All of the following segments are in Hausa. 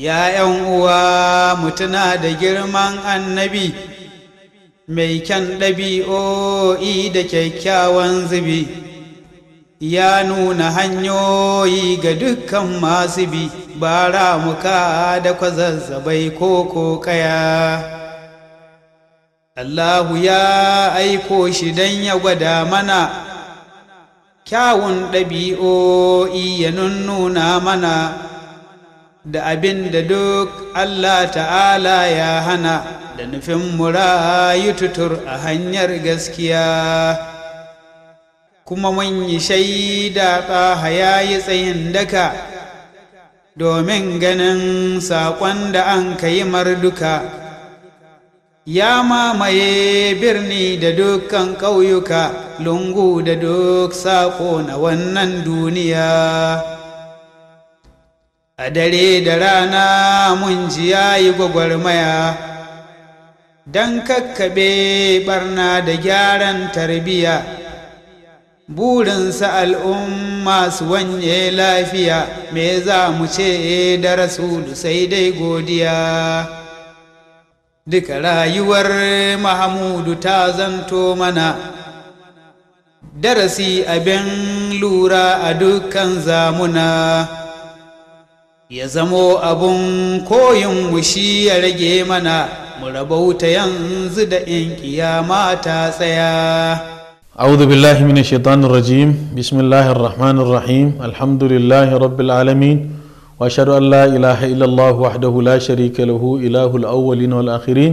ya uwa mutuna da girman annabi mai kyan ɗabi'o'i da kyakkyawan zubi ya nuna hanyoyi ga dukkan masu bi bara, ramuka da kwazazzabai ko kokaya Allahu ya aiko shi don ya gwada mana kyawun ɗabi'o'i ya nunnuna mana da abin da duk Allah ta'ala ya hana da nufin murayu tutur a hanyar gaskiya kuma mun yi shaida ɗaha ya yi tsayin daka domin ganin saƙon da an ka yi marduka ya mamaye birni da dukkan ƙauyuka lungu da duk saƙo na wannan duniya a dare da rana mun ji yayi gwagwarmaya don kakkaɓe barna da gyaran tarbiya. burinsa al'umma su wanye lafiya me za mu ce da rasulu sai dai godiya duka rayuwar mahamudu ta zanto mana darasi abin lura a dukkan zamuna يا زمو أبون koyin وشي يا rage mana mu rabauta yanzu da in أعوذ بالله من الشيطان الرجيم بسم الله الرحمن الرحيم الحمد لله رب العالمين وأشهد أن لا إله إلا الله وحده لا شريك له إله الأولين والآخرين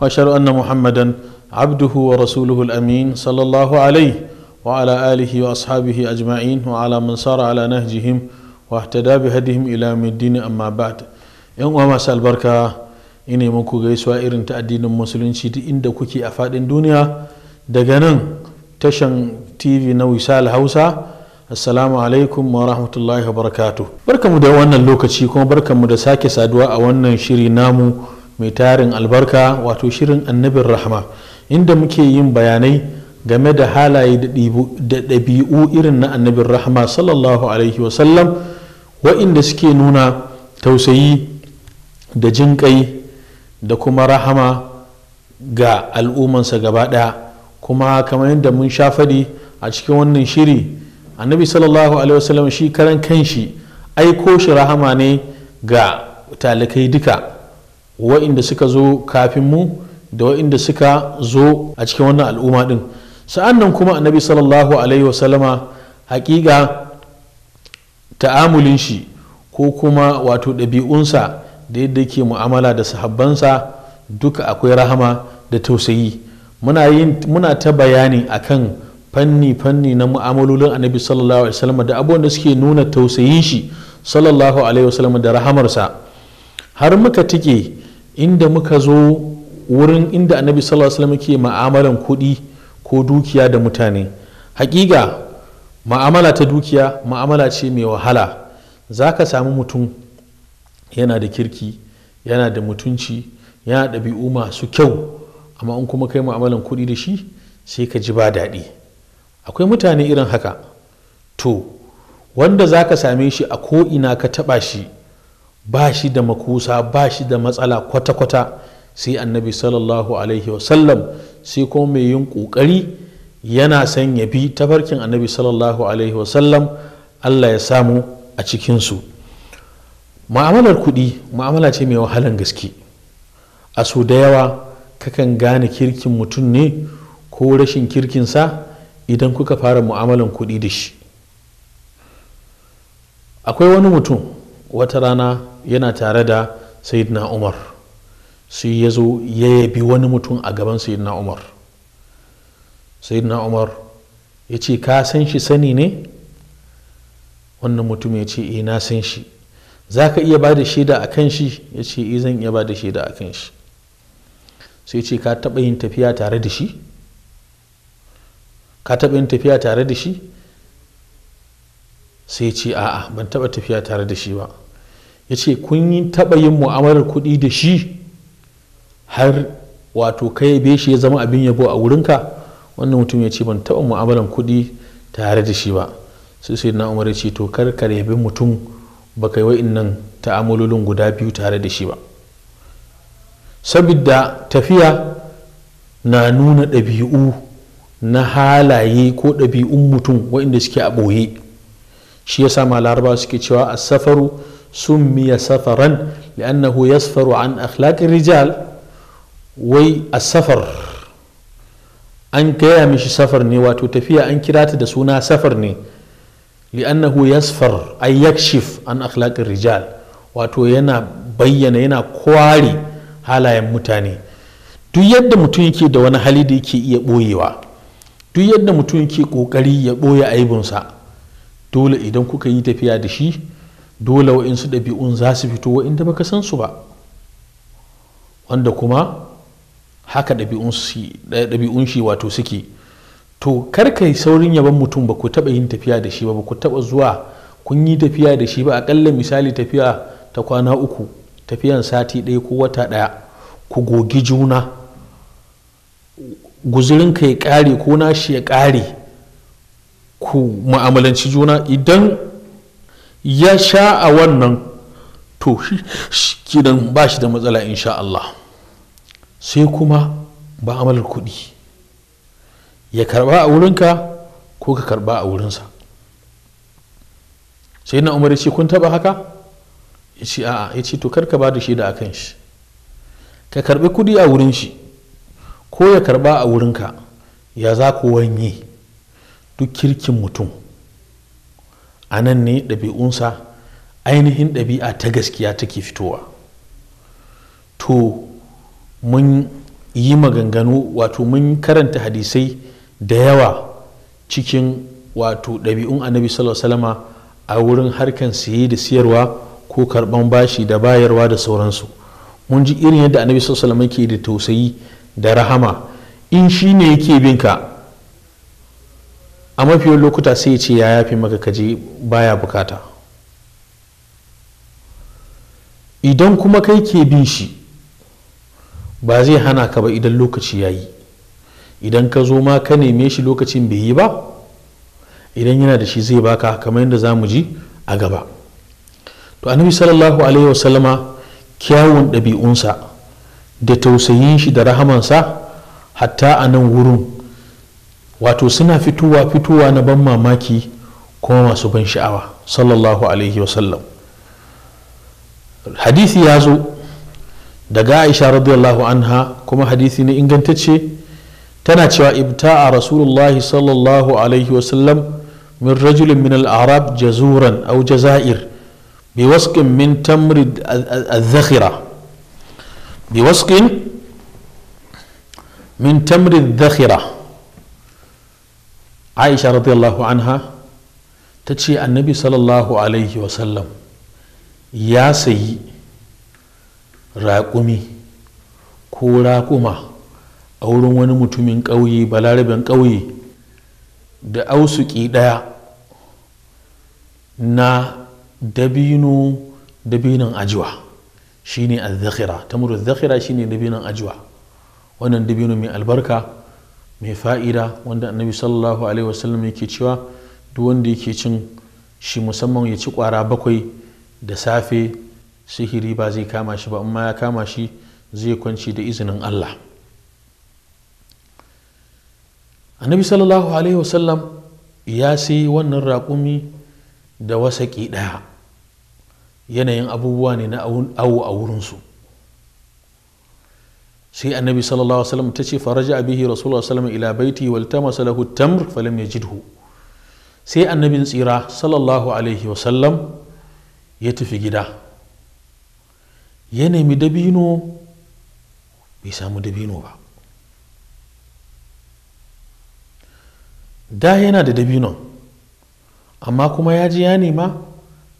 وأشهد أن محمدا عبده ورسوله الأمين صلى الله عليه وعلى آله وأصحابه أجمعين وعلى من سار على نهجهم واهتدى بهديهم إلى يوم الدين بعد ‘yan uwa masu albarka ina muku gaisuwa irin ta addinin musulunci duk inda kuke a faɗin duniya daga nan tashan tv na wisal hausa assalamu alaikum wa rahmatullahi wa barakatu barkamu da wannan lokaci kuma barkamu da sake saduwa a wannan shiri namu mai tarin albarka wato shirin annabin rahama inda muke yin bayanai game da halaye da ɗabi'u irin na annabin rahama sallallahu alaihi sallam. wa'inda suke nuna tausayi da jinƙai da kuma rahama ga al'ummansa gaba ɗaya kuma kamar yadda mun sha faɗi a cikin wannan shiri annabi sallallahu alaihi wasallam shi karan kanshi aiko shi rahama ne ga talikai duka wa'inda suka zo kafin mu da wa'inda suka zo a cikin wannan al'umma din sa'an nan kuma annabi sallallahu alaihi wasallama hakika ta'amulin shi ko kuma wato ɗabi'unsa da yadda ke mu'amala da sahabbansa duka akwai rahama da tausayi muna, ta bayani akan fanni-fanni na mu'amalolin annabi sallallahu alaihi wasallam da abubuwan da suke nuna tausayin shi sallallahu alaihi wasallam da rahamarsa har muka tike inda muka zo wurin inda annabi sallallahu alaihi wasallam ke ma'amalan kuɗi ko dukiya da mutane hakika ma'amala ta dukiya ma'amala ce mai wahala za ka samu mutum yana da kirki yana da mutunci yana da ɗabi'u masu kyau amma in kuma kai ma'amalan kuɗi da shi sai ka ji ba daɗi akwai mutane irin haka to wanda za ka same shi a ko'ina ka taɓa shi ba shi da makusa ba shi da matsala kwata-kwata sai annabi sallallahu alaihi wasallam sai kuma mai yin ƙoƙari yana san ya bi tafarkin annabi sallallahu alaihi wasallam allah ya samu a cikinsu ma'amalar kuɗi ma'amala ce mai wahalan gaske a su da yawa kakan gane kirkin mutum ne ko rashin kirkinsa idan kuka fara mu'amalan kuɗi da shi akwai wani mutum wata rana yana tare da sayidina umar sai ya zo ya yabi wani mutum a gaban sayidina umar sayyidina umar ya ce ka san shi sani ne wannan mutum ya ce e na san shi za ka iya ba da shaida a kan shi ya ce e zan iya ba da shaida a kan shi sai ce ka taɓa yin tafiya tare da shi ka taɓa yin tafiya tare da shi sai ce a'a ban taɓa tafiya tare da shi ba ya ce kun yi taɓa yin mu'amalar kuɗi da shi har wato kai be shi ya zama abin yabo a wurinka wannan mutum ya ce ban taɓa mu'amalan kuɗi tare da shi ba sai sai na umar ce to kar ka yabi mutum ba kai wa'innan ta'amulolin guda biyu tare da shi ba sabida tafiya na nuna ɗabi'u na halaye ko ɗabi'un mutum wa'inda suke a ɓoye shi yasa ma suke cewa a safaru sun miya safaran li'annahu yasfaru an akhlaqir rijal wai a safar an gaya mishi safar ne wato tafiya an kira ta da suna safar ne li'annahu yasfar ay yakshif an akhlaqir rijal wato yana bayyana yana kware halayen mutane duk yadda mutum yake da wani hali da yake iya boyewa duk yadda mutum yake kokari ya boye sa dole idan kuka yi tafiya da shi dole su ɗabi'un za su fito wa'inda baka san su ba wanda kuma haka ɗabi'un shi wato suke to kar saurin yaban mutum ba ku taɓa yin tafiya da shi ba ba ku taɓa zuwa kun yi tafiya da shi ba aƙalla misali tafiya ta kwana uku tafiyan sati ɗaya ko wata ɗaya ku gogi juna ka ya ƙare ko na shi ya ƙare ku ma'amalanci juna idan ya sha a wannan to shi kidan ba shi da matsala insha Allah. sai kuma ba amalar kuɗi ya karba a wurinka ko ka karba a wurinsa sai na umar ce kun taba haka ya ce a'a to karka ba da shaida akan shi ka karɓi kuɗi a wurin shi ko ya karɓa a wurinka ya za ku wanye duk kirkin mutum a nan ne ɗabi'unsa ainihin ɗabi'a ta gaskiya take fitowa to mun yi maganganu wato mun karanta hadisai da yawa cikin wato ɗabi'un annabi salama a wurin harkan siye da siyarwa ko karɓan bashi da bayarwa da sauransu mun ji irin yadda annabi salama ke da tausayi da rahama in shi ne yake bin ka a mafiyar lokuta sai ya ce ya yafi maka kaje baya bukata idan kuma kai ke bin shi ba zai hana ka ba idan lokaci ya yi idan ka zo ma ka neme shi lokacin bai yi ba idan yana da shi zai baka kamar yadda za mu ji a gaba to annabi sallallahu alaihi wasallama kyawun ɗabi'unsa da tausayin shi da rahamansa hatta a nan wurin wato suna fitowa fitowa na ban mamaki kuma masu ban sha'awa sallallahu alaihi wasallam hadisi ya zo daga aisha radiyallahu anha kuma hadisi ne ingantacce tana cewa ibta'a rasulullahi sallallahu alaihi wasallam min rajulin min al'arab arab jazuran aw jazair بوسق من تمر الذخيرة بوسق من تمر الذخيرة عائشة رضي الله عنها تتشي raƙumi ko raƙuma a wurin wani mutumin ƙauye balaraben ƙauye da ausuki ɗaya na dabino dabinin ajiwa shine azzakira tamuru shi shine dabinin ajiwa wannan dabino mai albarka mai fa'ida wanda annabi sallallahu alaihi wasallam yake cewa duk wanda yake cin shi musamman ya ci kwara bakwai da safe sihiri ba zai kama shi ba amma ya kama shi zai kwanci da izinin allah annabi sallallahu alaihi wasallam ya sai wannan raƙumi da wasaƙi ɗaya yanayin abubuwa ne na awo a wurinsu sai annabi sallallahu alaihi wasallam ta ce faraja bihi rasulullah sallallahu ila baiti wal tamasa lahu tamr falam yajidhu sai annabin tsira sallallahu alaihi wasallam ya tafi gida ya nemi dabino bai samu dabino ba da yana da dabino amma kuma ya ji ya nema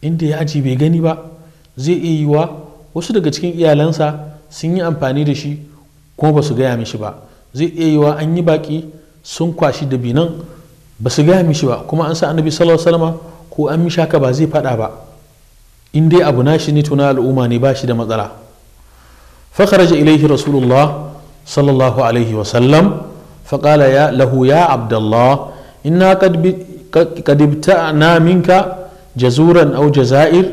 inda ya aji bai gani ba zai iya yiwa wasu daga cikin iyalansa sun yi amfani da shi ko ba su gaya mishi ba zai iya yiwa an yi baki sun kwashi dabinan ba su gaya mishi ba kuma an sa annabi sallallahu alaihi ko an mishaka ba zai faɗa ba in dai abu nashi ne tuna al'umma ne ba shi da matsala fakaraja ilaihi rasulullah sallallahu alaihi sallam. faƙala ya lahu ya abdallah inna kadibta na minka jazuran au jaza'ir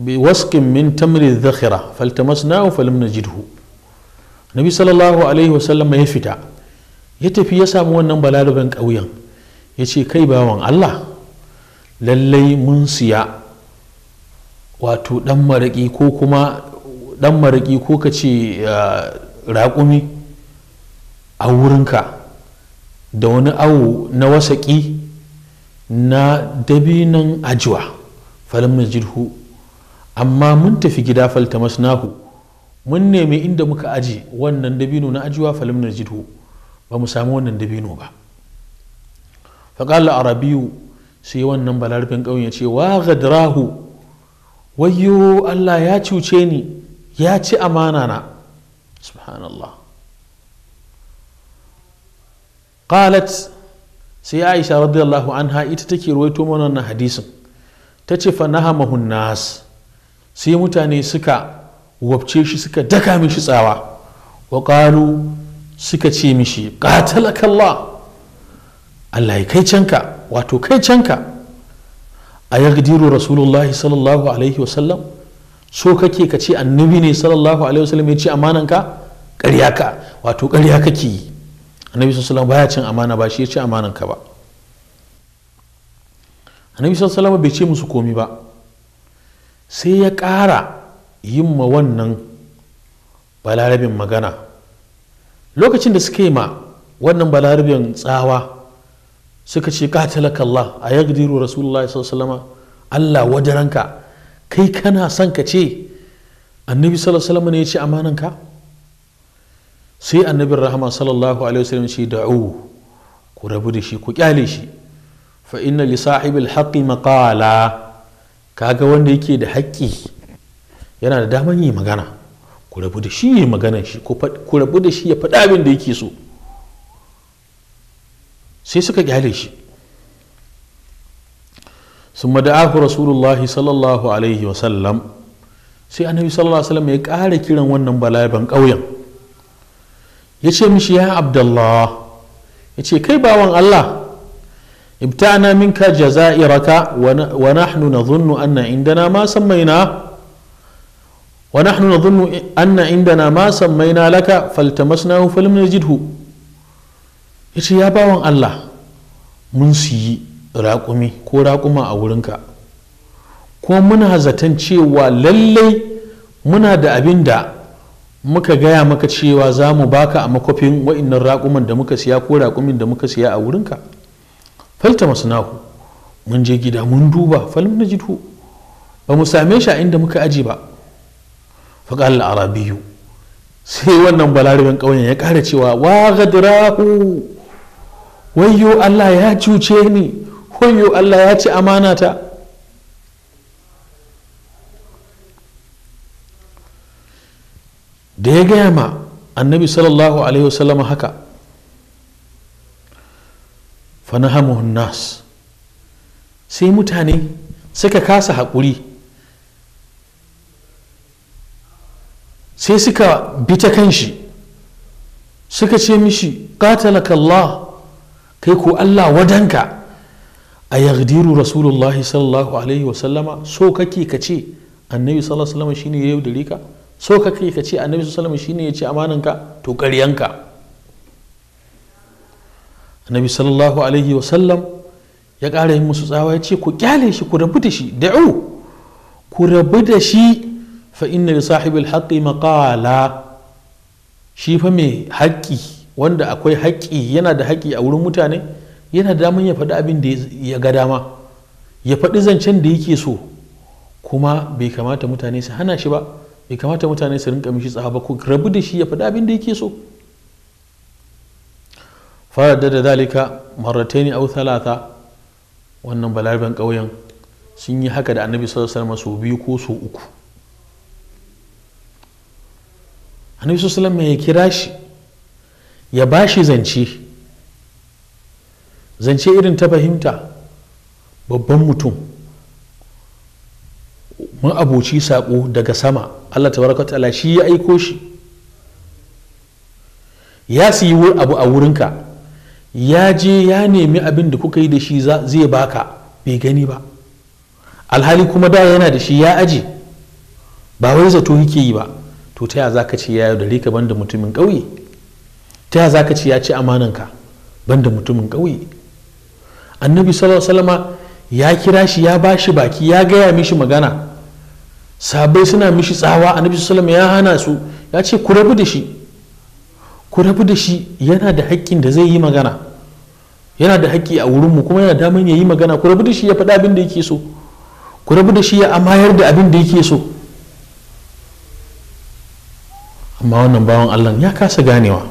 bi waskin min tamri dhakhira faltamasnahu falam najidhu nabi sallallahu alaihi wasallam ya fita ya tafi ya samu wannan balarabin ƙauyen ya ce kai bawan allah lallai mun siya wato dan maraƙi ko kuma dan maraƙi ko ka ce eh, raƙumi a wurinka da wani awo na wasaƙi na dabinan ajiwa falin jirhu amma mun tafi gida falta masnahu mun nemi inda muka aji wannan dabino na ajiwa falin jidhu ba mu sami wannan dabino ba faƙalla arabiyu sai wannan balarfin ƙauyen ya ce wa gadrahu wayyo Allah ya cuce ni ya ci amana na subhanallah qalat sai aisha radiyallahu anha ita take ruwaito mana wannan hadisin ta ce fa nahamahu nas sai mutane suka wabce shi suka daka mishi tsawa wa qalu suka ce mishi qatalaka Allah Allah ya kai canka wato kai canka a yagdiru rasulullahi sallallahu alaihi wasallam so kake ka ce annabi ne sallallahu alaihi wasallam ya ce amanan ka ƙarya ka wato ƙarya kake yi annabi sallallahu baya cin amana ba shi ya ce amanan ka ba annabi sallallahu bai ce musu komi ba sai ya ƙara yin ma wannan balarabin magana lokacin da suka yi ma wannan balarabin tsawa suka ce qatalaka Allah a yaqdiru rasulullahi sallallahu Allah wadaranka kai kana son ka ce annabi sallallahu alaihi ne ya ce amananka sai annabin rahama sallallahu alaihi wasallam ce da'u ku rabu da shi ku kyale shi fa inna li sahibil haqqi maqala kaga wanda yake da haƙƙi yana da daman yi magana ku rabu da shi ya magana shi ku rabu da shi ya faɗa abin da yake so sai suka kyale shi sun mada'ahu rasulullahi sallallahu alaihi wasallam sai annabi sallallahu alaihi wasallam ya ƙara kiran wannan balaban ƙauyen ya ce mishi ya abdullah ya ce kai bawan allah ابتعنا منك جزائرك ونحن نظن أن عندنا yace ya bawan allah mun siyi raƙumi ko raƙuma a wurinka ko muna zaton cewa lallai muna da abin da muka gaya maka cewa za mu baka a makwafin wa'innan raƙuman da muka siya ko raƙumin da muka siya a wurinka falta masnahu mun je gida mun duba falin na jito ba mu same shi a inda muka aji ba faƙal arabiyu sai wannan balarabin ƙauyen ya ƙara cewa wa gadrahu wayyo allah ya cuce ni wayyo allah ya ci amanata da ya gaya ma annabi sallallahu alaihi wasallam haka fanahamuhun nas sai mutane suka kasa haƙuri sai suka bi ta kan shi suka ce mishi ƙatalakallah kai ko Allah wadanka a yagdiru rasulullahi sallallahu alaihi wasallama so kake ka ce annabi sallallahu alaihi wasallama shine ya yaudare ka so kake ka ce annabi sallallahu alaihi wasallama shine ya ce amananka to ƙaryanka annabi sallallahu alaihi wasallam ya ƙara yin musu tsawa ya ce ku kyale shi ku rabu da shi da'u ku rabu da shi fa inna li sahibil haqqi maqala shi fa mai haƙƙi wanda akwai haƙƙi yana da haƙƙi a wurin mutane yana da daman ya faɗi abin da ya ga dama ya faɗi zancen da yake so kuma bai kamata mutane su hana shi ba bai kamata mutane su rinka mishi tsaba ko rabu da shi ya faɗi abin da yake so fara da dalika marataini au talata wannan balaraben ƙauyen sun yi haka da annabi sallallahu alaihi biyu ko so uku annabi sallallahu alaihi ya kira shi ya ba shi zance zance irin ta fahimta babban mutum mun aboci saƙo daga sama allah tabaraka ta'ala shi ya aiko shi ya siyi abu a wurinka ya je ya nemi abin da kuka yi da shi zai baka bai gani ba alhali kuma da yana da shi ya aji ba wai zato yake yi ba to ta ya za ka ce ya yaudare ka banda mutumin ƙauye ta ya zaka ce ya ci amananka banda mutumin ƙauye annabi sallallahu alaihi ya kira shi ya bashi baki ya gaya mishi magana sabai suna mishi tsawa annabi sallallahu ya hana su ya ce ku rabu da shi ku rabu da shi yana da haƙƙin da zai yi magana yana da haƙƙi a wurinmu kuma yana daman ya yi magana ku rabu da shi ya faɗa abin da yake so ku rabu da shi ya amayar da abin da yake so amma wannan bawan allah ya kasa ganewa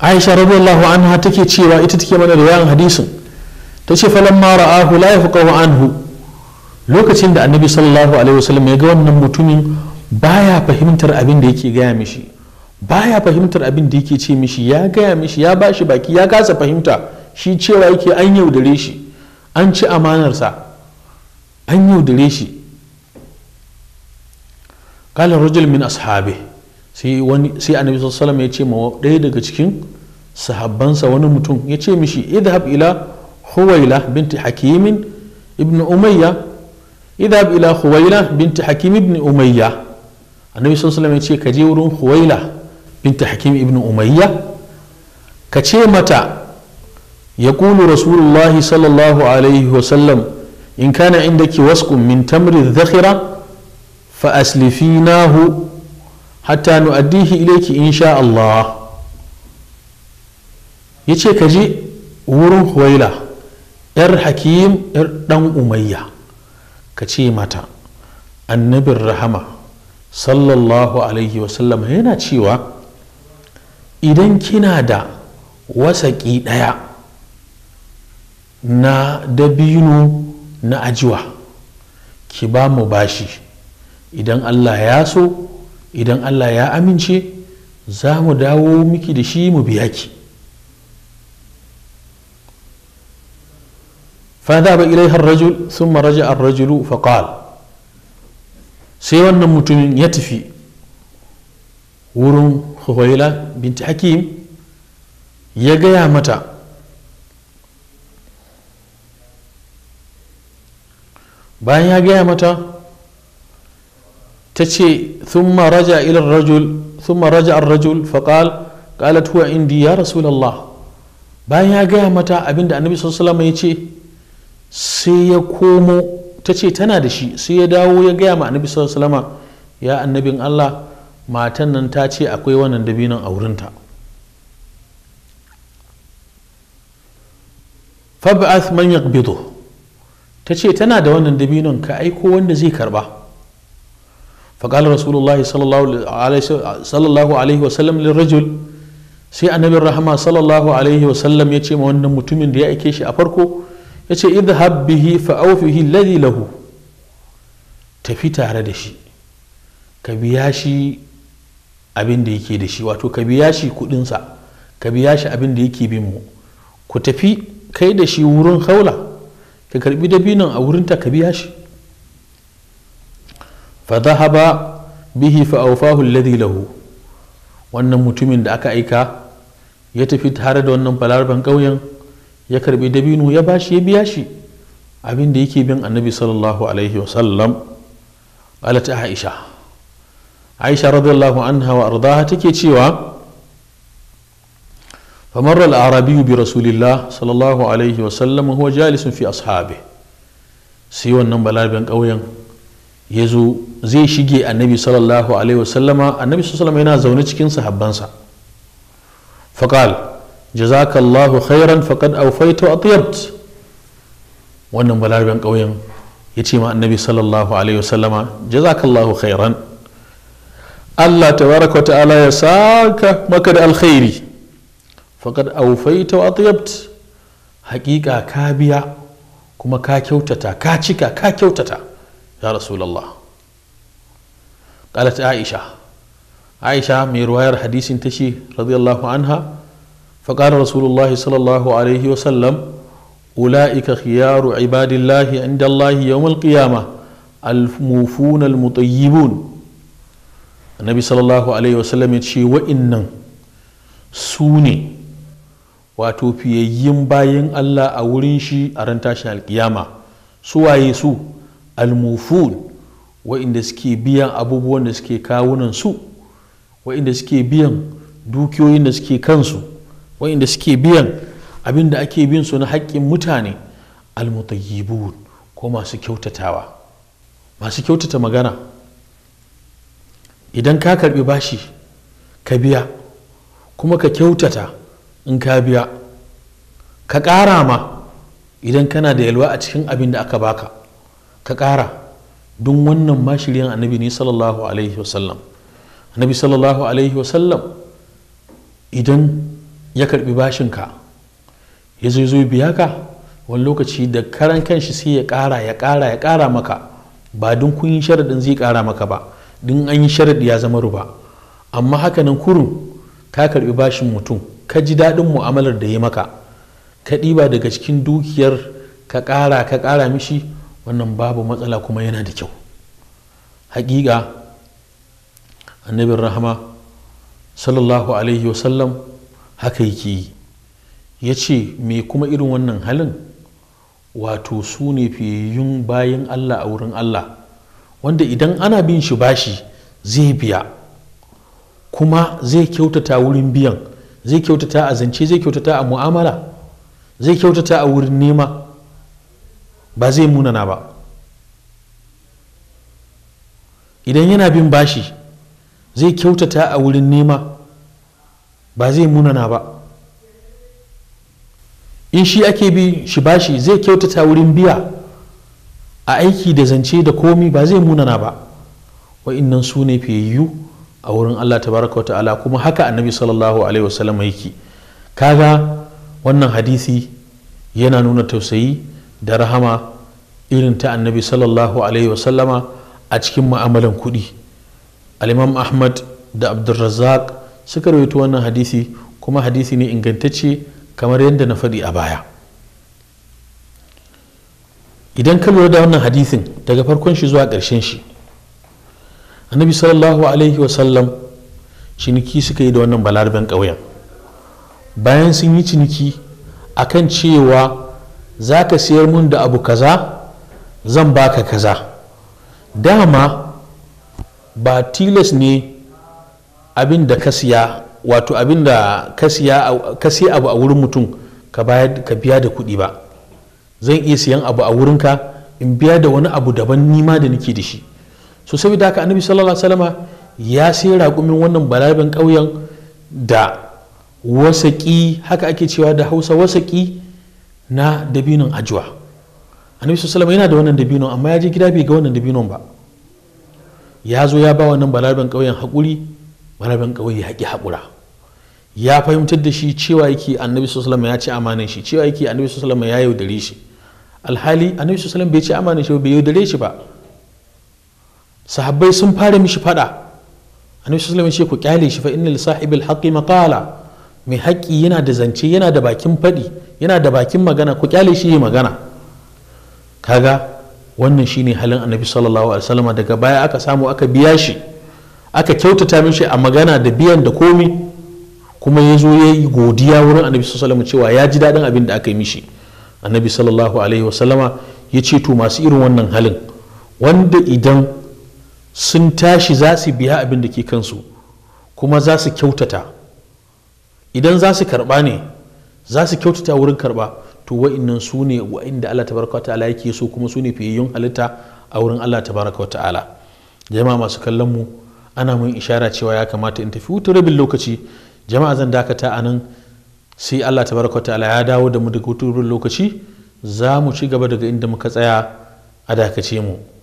aisha radiyallahu anha take cewa ita take mana da yawan hadisin ta ce falamma ra'ahu la yafqahu anhu lokacin da annabi sallallahu alaihi wasallam ya ga wannan mutumin baya fahimtar abin da yake gaya mishi baya fahimtar abin da yake ce mishi ya gaya mishi ya bashi baki ya kasa fahimta shi cewa yake an yaudare shi an ci amanarsa an yaudare shi قال rajul min sai annabi sallallahu ya ce ma ɗaya daga cikin sahabbansa wani mutum ya ce mishi idhab ila huwaila binti hakimin ibn umayya idhab ila huwaila binti hakim ibn umayya annabi sallallahu ya ce ka je wurin huwaila binti hakim ibn umayya ka ce mata ya رسول الله صلى الله عليه وسلم إن كان عندك وسق من تمر الذخرة hatta nu'addihi ilayki insha Allah yace kaje wurin Huwaila yar Hakim yar ɗan Umayya ka ce mata annabin rahama sallallahu alaihi yana cewa idan kina da wasaƙi ɗaya na dabino na ajiwa ki ba mu bashi idan allah ya so idan Allah ya amince za mu dawo miki da shi mu biya ki fa da ba ilai har rajul sun ma raja an rajulu fa sai wannan mutumin ya tafi wurin hukwaila binti hakim ya gaya mata bayan ya gaya mata ta ce thumma raja ila rajul thumma raja ar rajul faqal qalat huwa indi ya rasulullah bayan ya gaya mata abin da sallallahu alaihi wasallam ya ce sai ya komo ta ce tana da shi sai ya dawo ya gaya ma annabi sallallahu ya annabin allah matan nan ta ce akwai wannan dabinon a wurinta fab'ath man yaqbidu ta ce tana da wannan dabinon ka aiko wanda zai karba faƙalar rasulullahi sallallahu alaihi wasallam lirrajul sai annabin rahama sallallahu alaihi wasallam ya ce ma wannan mutumin da ya aike shi a farko ya ce idhab bihi fa'aufihi ladhi lahu tafi tare da shi ka biya shi abin da yake da shi wato ka biya shi kudinsa ka biya shi abin da yake bin mu ku tafi kai da shi wurin haula ka karbi dabinan a wurinta ka biya shi fadhahaba bihi fa awfahu alladhi lahu wannan mutumin da aka aika ya tafi tare da wannan balarban ƙauyen ya karbi dabino ya bashi ya biya shi abin da yake bin annabi sallallahu alaihi wasallam qalat aisha aisha radiyallahu anha wa ardaha take cewa فمر الأعرابي برسول الله صلى الله عليه وسلم وهو جالس في أصحابه سيوان wannan لابن ƙauyen. ya zo zai shige annabi sallallahu alaihi wasallama annabi sallallahu yana zaune cikin sahabbansa faƙal jazakallahu khairan faƙad aufaita atiyabt wannan balaraben ƙauyen ya ce ma annabi sallallahu alaihi wasallama jazakallahu khairan Allah tabaraka ta'ala ya saka maka da alkhairi faƙad aufaita atiyabt haƙiƙa ka biya kuma ka kyautata ka cika ka kyautata يا رسول الله قالت عائشة عائشة من رواية حديث تشي رضي الله عنها فقال رسول الله صلى الله عليه وسلم أولئك خيار عباد الله عند الله يوم القيامة الموفون المطيبون النبي صلى الله عليه وسلم يتشي وإن سوني واتو في الله أولين شي أرنتاش القيامة سوى سو almufun wa'inda suke biyan abubuwan da suke kawunan su wa'inda suke biyan dukiyoyin da suke kansu wa'inda suke biyan abin da ake bin su na haƙƙin mutane almutayyibun ko masu kyautatawa masu kyautata magana idan ka karbi bashi ka biya kuma ka kyautata in ka biya ka ƙara ma idan kana da yalwa a cikin abin da aka baka ka ƙara don wannan ma shirin annabi ne sallallahu alaihi wasallam annabi sallallahu alaihi wasallam idan ya karbi bashinka ya zo zo biya ka wani lokaci da karan kanshi sai ya ƙara ya ƙara ya ƙara maka ba don kun yi sharaɗin zai ƙara maka ba don an yi sharaɗi ya zama ruba amma haka nan kurun ka karbi bashin mutum ka ji daɗin mu'amalar da ya maka ka ɗiba daga cikin dukiyar ka ƙara ka ƙara mishi wannan babu matsala kuma yana da kyau hakika annabin rahama sallallahu alaihi wasallam haka yake yi ya ce me kuma irin wannan halin wato su ne fiyayyun bayan allah a wurin allah wanda idan ana bin shi bashi zai biya kuma zai kyautata wurin biyan zai kyautata a zance zai kyautata a mu'amala zai kyautata a wurin nema ba zai munana ba idan yana bin bashi zai kyautata a wurin nema ba zai munana ba in shi ake bi shi bashi zai kyautata wurin biya a aiki da zance da komi ba zai munana ba wa'innan su ne fiyayyu a wurin allah tabaraka wa ta'ala kuma haka annabi sallallahu alaihi wasallam yake kaga wannan hadisi yana nuna tausayi da rahama irin ta annabi sallallahu alaihi wasallama a cikin ma'amalan kuɗi alimam ahmad da abdulrazak suka rawaito wannan hadisi kuma hadisi ne ingantacce kamar yadda na faɗi a baya idan ka lura da wannan hadisin daga farkon shi zuwa ƙarshen shi annabi sallallahu alaihi wasallam ciniki suka yi da wannan balarben ƙauyen bayan sun yi ciniki akan cewa za ka siyar mun da abu kaza zan baka kaza dama ba tilas ne abin da ka siya wato abin da ka siya abu a wurin mutum ka biya da kuɗi ba zan iya siyan abu a wurinka in biya da wani abu daban nima da nake da shi so saboda haka annabi sallallahu alaihi wasallama ya sai raƙumin wannan balabin ƙauyen da wasaƙi haka ake cewa da hausa wasaƙi na dabinon ajuwa annabi sallallahu yana da wannan dabinon amma ya je gida bai ga wannan dabinon ba ya zo ya ba wannan balaraben ƙauyen haƙuri balaraben ƙauye ya haƙi haƙura ya fahimtar da shi cewa yake annabi sallallahu ya ci amanan shi cewa yake annabi sallallahu ya yaudare shi alhali annabi sallallahu bai ci amanan shi bai yaudare shi ba sahabbai sun fara mishi fada annabi sallallahu ya ce ku kyale shi fa innal sahibil haqqi maqala mai haƙƙi yana da zance yana da bakin faɗi yana da bakin magana ku kyale shi yi magana kaga wannan shine halin annabi sallallahu alaihi wasallam daga baya aka samu aka biya shi aka kyautata mishi a magana da biyan da komi kuma ya zo ya yi godiya wurin annabi sallallahu alaihi cewa ya ji daɗin abin da aka yi mishi annabi sallallahu alaihi wasallama ya ce to masu irin wannan halin wanda idan sun tashi za su biya abin da ke kansu kuma za su kyautata idan za su karba ne za su kyautata wurin karba to wa'annan su ne wa'inda Allah tabaraka wa ta'ala yake so kuma su ne fiyayyun halitta a wurin Allah tabaraka wa ta'ala jama'a masu kallon mu ana mun ishara cewa ya kamata in tafi wuta rabin lokaci jama'a zan dakata a nan sai Allah tabaraka wa ta'ala ya dawo da mu daga rabin lokaci za mu ci gaba daga inda muka tsaya a dakace mu